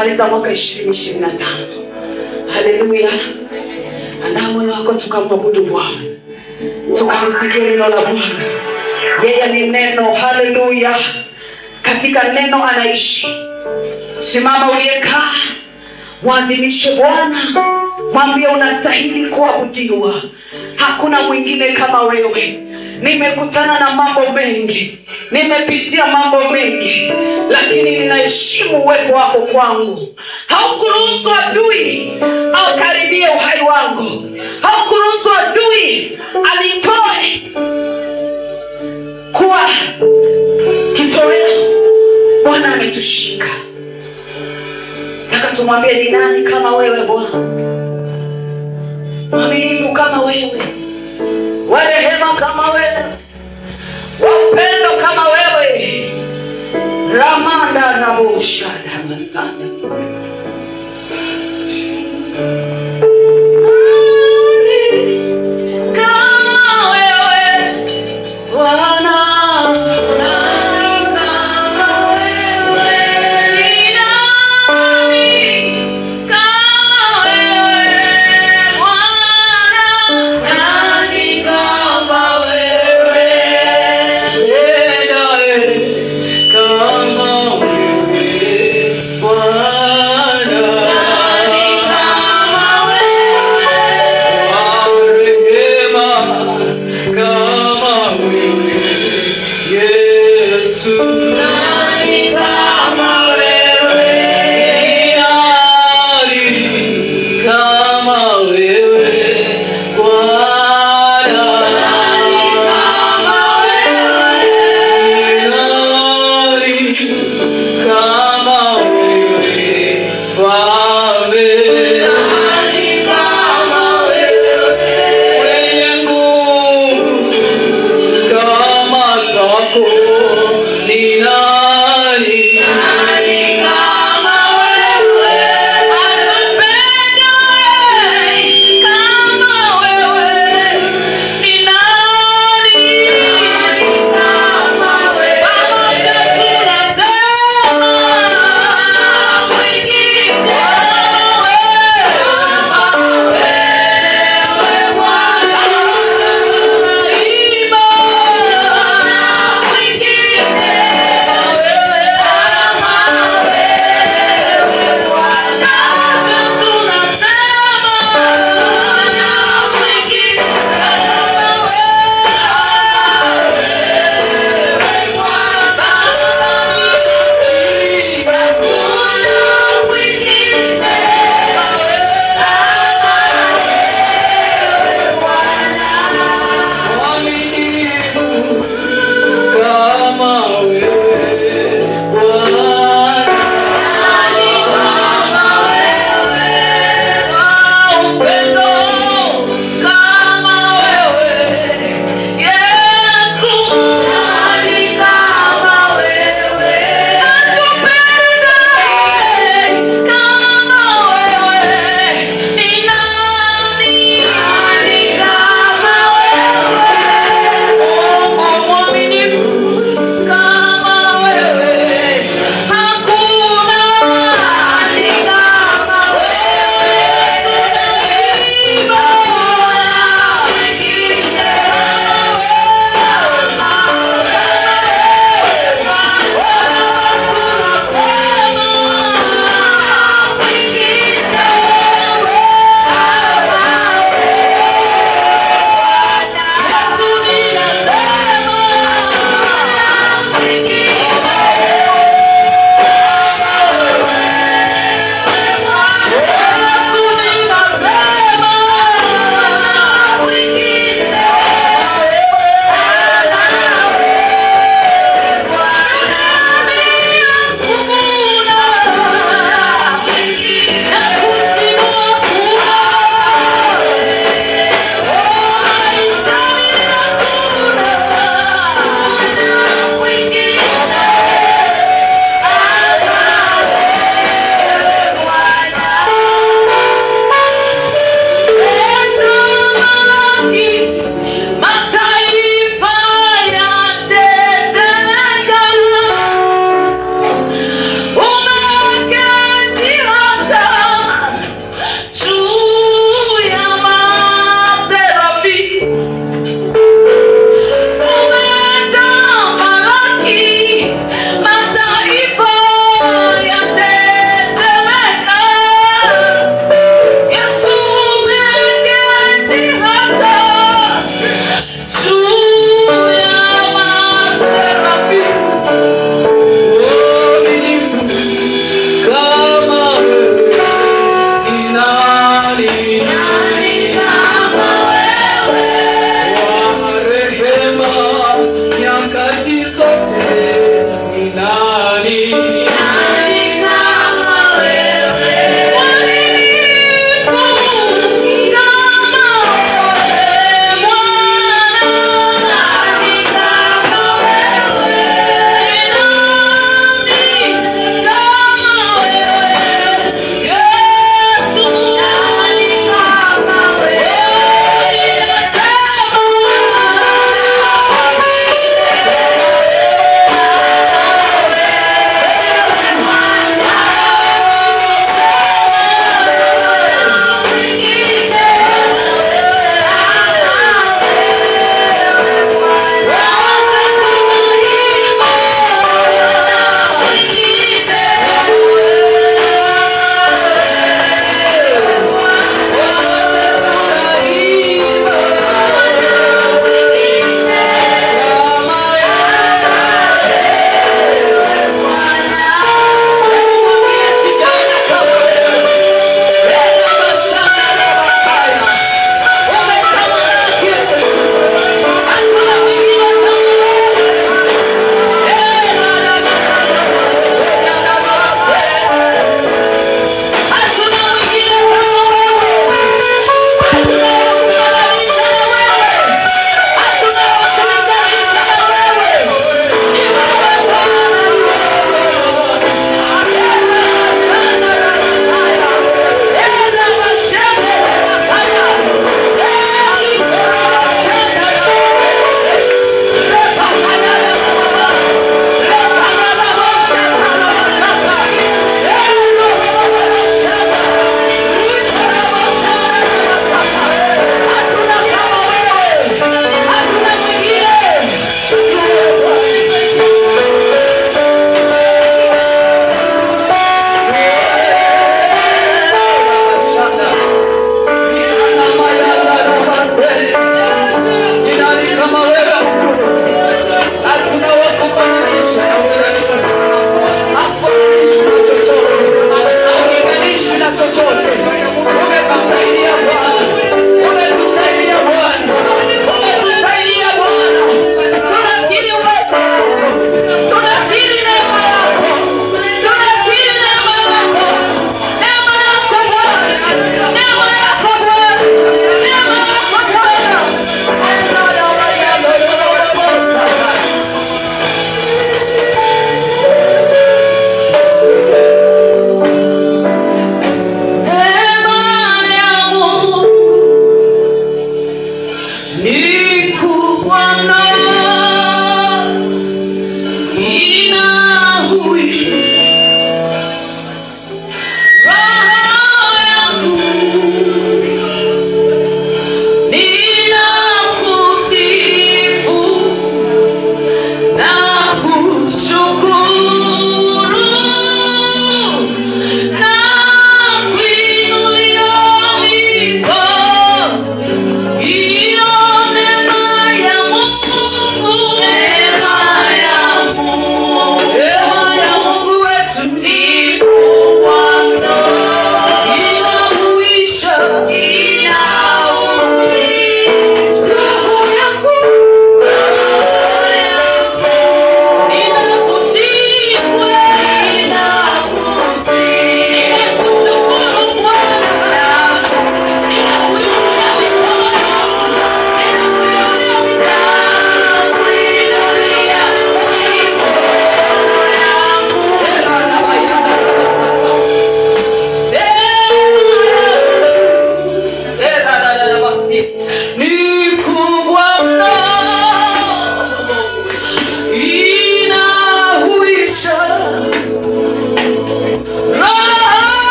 kumaliza mwaka 2025. Haleluya. Andaa moyo wako tukamwabudu Bwana. Tukamsikia neno la Bwana. Yeye ni neno. Haleluya. Katika neno anaishi. Simama uliyekaa, mwadhimishe Bwana, mwambie unastahili kuabudiwa, hakuna mwingine kama wewe. Nimekutana na mambo mengi, nimepitia mambo mengi, lakini ninaheshimu uwepo wako kwangu. Haukuruhusu adui akaribie uhai wangu, haukuruhusu adui alitoe kuwa kitoweo. Bwana ametushika. takatumwambia tumwambie, ni nani kama wewe Bwana, mwaminifu kama wewe Ramanda Rabo Shadabasa. つないだま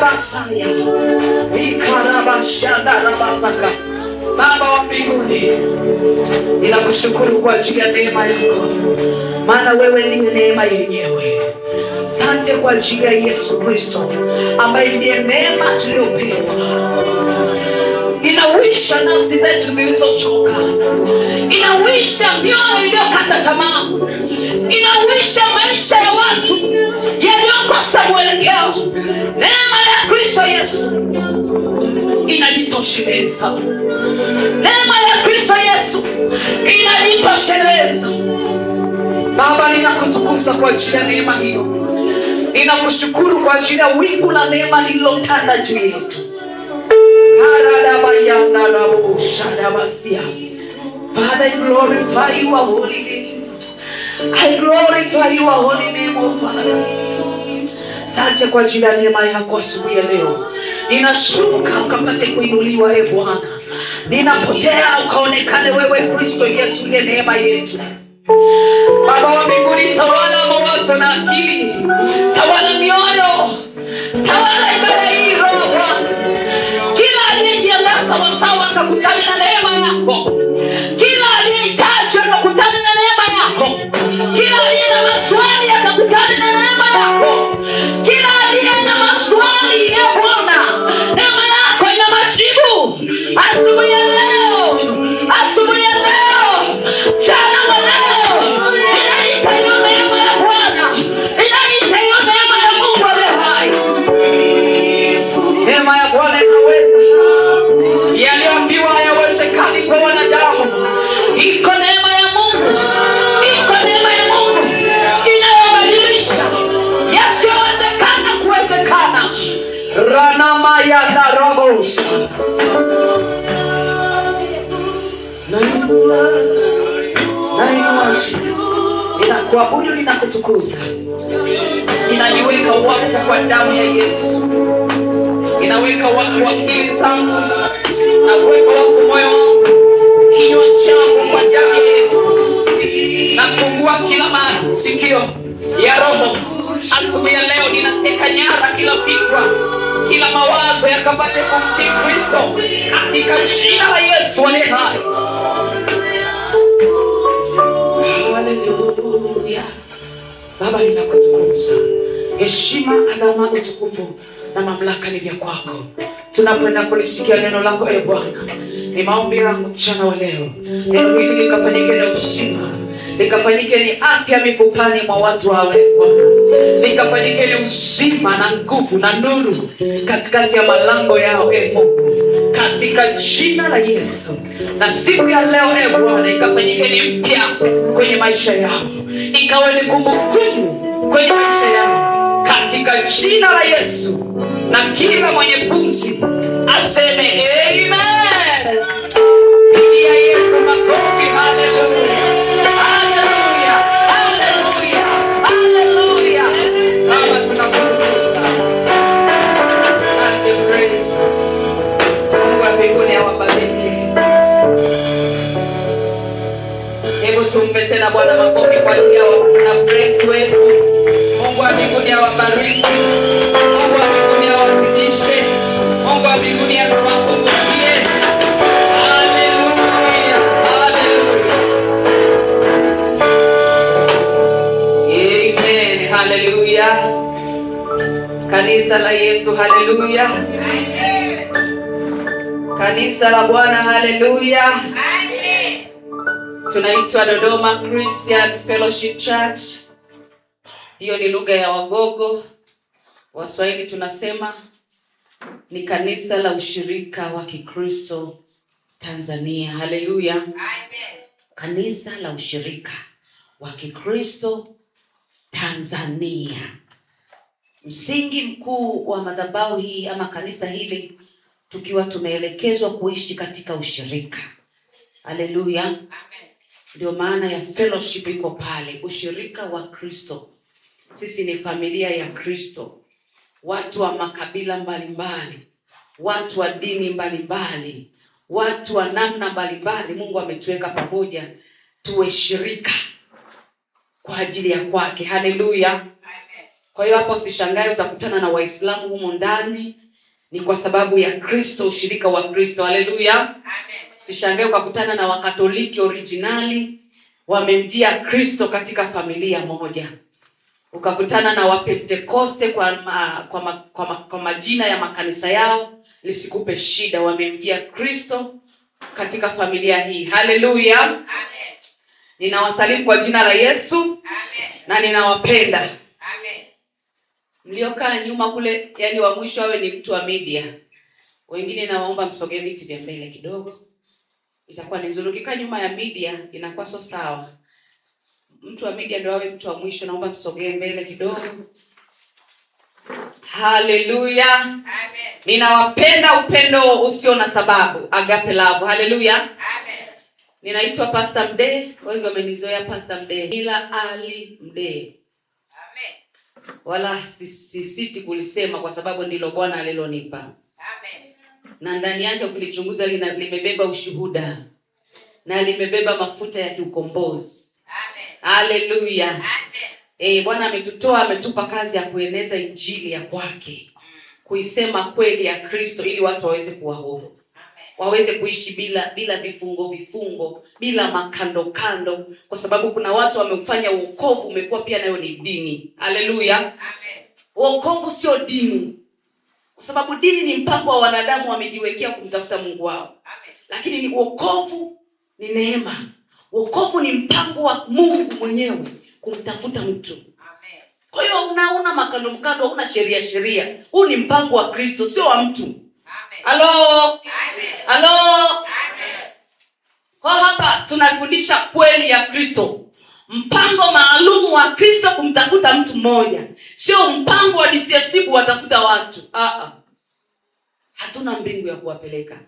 basaya ikarabashandarabasaka Baba wa mbinguni, ninakushukuru kwa ajili ya neema yako, maana wewe ndiye neema yenyewe. Sante kwa ajili ya Yesu Kristo ambaye ndiye neema tuliyopewa. Inawisha nafsi zetu zilizochoka, inawisha mioyo iliyokata tamaa, inawisha maisha ya watu yaliyokosa mwelekeo. Kristo Yesu inajitosheleza. Neema ya Kristo Yesu inajitosheleza. Baba, ninakutukuza kwa ajili ya neema hiyo, ninakushukuru kwa ajili ya wingu la neema lililotanda juu yetu. Father, glorify your holy name. I glorify your holy name, oh Father. Asante kwa ajili ya neema yako asubuhi ya leo. Ninashuka ukapate kuinuliwa, e Bwana. Ninapotea ukaonekane wewe, Kristo Yesu ye neema yetu. Baba wa mbinguni, tawala mawazo na akili, tawala kuabudu linakutukuza, ninajiweka wakfu kwa damu ya Yesu, ninaweka wakfu akili zangu na kuweka wakfu moyo kinywa changu kwa damu ya Yesu, na kufungua kila masikio ya roho. Asubuhi ya leo ninateka nyara kila fikra, kila mawazo yakapate kumtii Kristo katika jina la Yesu aliye hai. Baba, ninakutukuza. Heshima, adama utukufu na mamlaka ni vya kwako. Tunapenda kulisikia neno lako e Bwana. Ni maombi yangu mchana wa leo, neno hili likafanyike na usima, likafanyike ni afya mifupani mwa watu hawa e Bwana, likafanyike ni uzima na nguvu na nuru katikati ya malango yao e Mungu, katika jina la Yesu. Na siku ya leo e Bwana, ikafanyike ni mpya kwenye maisha yao ikawe ni kumbukumbu kwenye maisha yangu katika jina la Yesu, na kila mwenye pumzi aseme amen. Yesu makofi, haleluya. kanisa la Yesu, haleluya. Kanisa la Bwana, haleluya. Tunaitwa Dodoma Christian Fellowship Church. Hiyo ni lugha ya Wagogo, Waswahili tunasema ni kanisa la ushirika wa Kikristo Tanzania, haleluya. Kanisa la ushirika wa Kikristo Tanzania. Msingi mkuu wa madhabahu hii ama kanisa hili tukiwa tumeelekezwa kuishi katika ushirika. Haleluya! Ndio maana ya fellowship iko pale, ushirika wa Kristo. Sisi ni familia ya Kristo, watu wa makabila mbalimbali, watu wa dini mbalimbali, watu wa namna mbalimbali. Mungu ametuweka pamoja tuwe shirika kwa ajili ya kwake. Haleluya! Kwa hiyo hapa usishangae utakutana na Waislamu humo ndani, ni kwa sababu ya Kristo, ushirika wa Kristo. Haleluya, usishangae ukakutana na Wakatoliki originali wamemjia Kristo katika familia moja, ukakutana na Wapentekoste kwa, ma, kwa, ma, kwa, ma, kwa majina ya makanisa yao, lisikupe shida, wamemjia Kristo katika familia hii. Haleluya, ninawasalimu kwa jina la Yesu. Amen. na ninawapenda mliokaa nyuma kule, yani wa mwisho awe ni mtu wa media. Wengine nawaomba msogee viti vya mbele kidogo, itakuwa ni nzuri. Ukikaa nyuma ya media inakuwa so sawa. Mtu wa media ndio awe mtu wa mwisho. Naomba msogee mbele kidogo. Haleluya, amen. Ninawapenda upendo usio na sababu, agape love. Haleluya, amen. Ninaitwa Pastor Mdee, wengi wamenizoea Pastor Mdee, ila Ali Mdee wala sisiti kulisema kwa sababu ndilo Bwana alilonipa. Amen. Na ndani yake ukilichunguza limebeba ushuhuda na limebeba mafuta ya kiukombozi. Amen. Haleluya. Amen. Eh, Bwana ametutoa ametupa kazi ya kueneza injili ya kwake, mm. kuisema kweli ya Kristo ili watu waweze kuwa huru waweze kuishi bila bila vifungo vifungo, bila makando kando, kwa sababu kuna watu wamefanya wokovu umekuwa pia nayo ni dini. Haleluya, wokovu sio dini, kwa sababu dini ni mpango wa wanadamu wamejiwekea kumtafuta Mungu wao Lakini ni wokovu ni neema, wokovu ni mpango wa Mungu mwenyewe kumtafuta mtu Kwa hiyo una una makando mkando, una sheria sheria, huu ni mpango wa Kristo, sio wa mtu Halo, halo. Kwa hapa tunafundisha kweli ya Kristo, mpango maalum wa Kristo kumtafuta mtu mmoja, sio mpango wa DCFC kuwatafuta watu. Aa, ah, ah. hatuna mbingu ya kuwapeleka.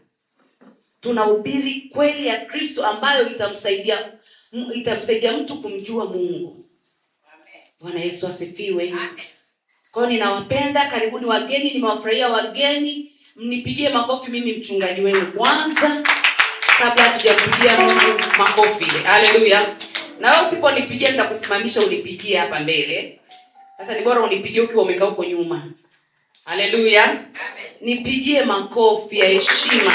Tunahubiri kweli ya Kristo ambayo itamsaidia itamsaidia mtu kumjua Mungu. Bwana Yesu asifiwe. Kwa hiyo ninawapenda, karibuni wageni, nimewafurahia wageni mnipigie makofi mimi mchungaji wenu kwanza kabla hatujapigia Mungu makofi. Haleluya! na wewe usiponipigia nitakusimamisha unipigie hapa mbele. Sasa ni bora unipigie ukiwa umekaa huko nyuma. Haleluya! nipigie makofi ya heshima.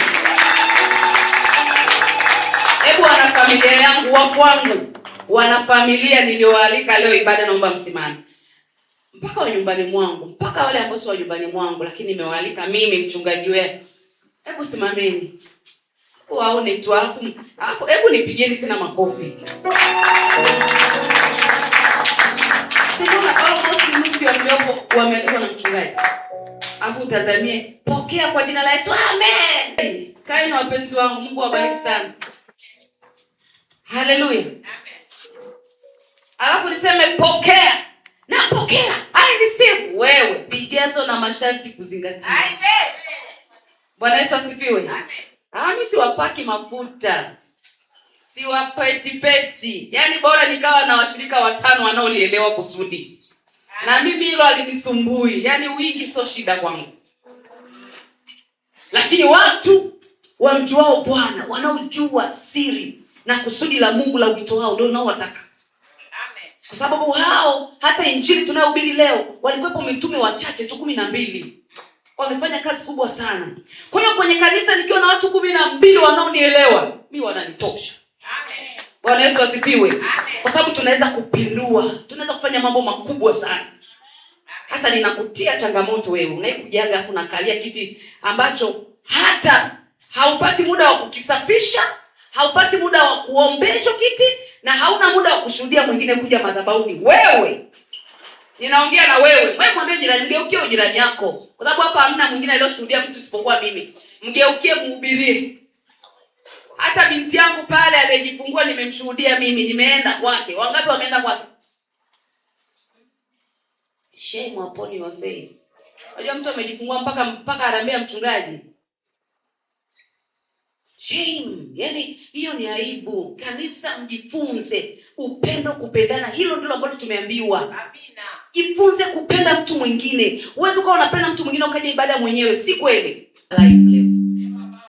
Hebu wanafamilia yangu wa kwangu, wanafamilia niliyoalika leo ibada, naomba msimame mpaka wa nyumbani mwangu, mpaka wale ambao sio wa nyumbani mwangu, lakini nimewalika mimi mchungaji wenu. Hebu simameni waone tu, alafu hebu nipigieni tena makofi. Waliopo wameandikwa na mchungaji, alafu utazamie, pokea kwa jina la Yesu, amen. Kaeni wapenzi wangu, Mungu awabariki sana, haleluya. Alafu niseme pokea napokea, I receive. Wewe vigezo na masharti kuzingatia. Bwana Yesu asifiwe. Ah, mimi siwapaki mafuta, siwapetipeti, yaani bora nikawa na washirika watano wanaolielewa kusudi, na mimi hilo alinisumbui, yaani wingi sio shida kwangu, lakini watu wamjuao Bwana wanaojua siri na kusudi la Mungu la wito wao ndio unaowataka kwa sababu hao hata injili tunayohubiri leo walikuwepo mitume wachache tu kumi na mbili wamefanya kazi kubwa sana kwa hiyo kwenye kanisa nikiwa na watu kumi na mbili wanaonielewa mi wananitosha bwana yesu asipiwe kwa sababu tunaweza kupindua tunaweza kufanya mambo makubwa sana sasa ninakutia changamoto wewe unaikujaga afu nakalia kiti ambacho hata haupati muda wa kukisafisha haupati muda wa kuombea hicho kiti na hauna muda wa kushuhudia mwingine kuja madhabahuni. Wewe ninaongea na wewe, wewe mwambie jirani, mgeukie jirani yako, kwa sababu hapa hamna mwingine aliyoshuhudia mtu isipokuwa mimi. Mgeukie mhubirie. Hata binti yangu pale aliyejifungua nimemshuhudia mimi, nimeenda kwake. Wangapi wameenda kwake? Shame upon your face. Unajua mtu amejifungua mpaka mpaka arambia mchungaji shame, yani hiyo ni aibu. Kanisa, mjifunze upendo, kupendana. Hilo ndilo ambalo tumeambiwa. Amina, jifunze kupenda mtu mwingine. Huwezi ukawa unapenda mtu mwingine ukaja ibada mwenyewe, si kweli?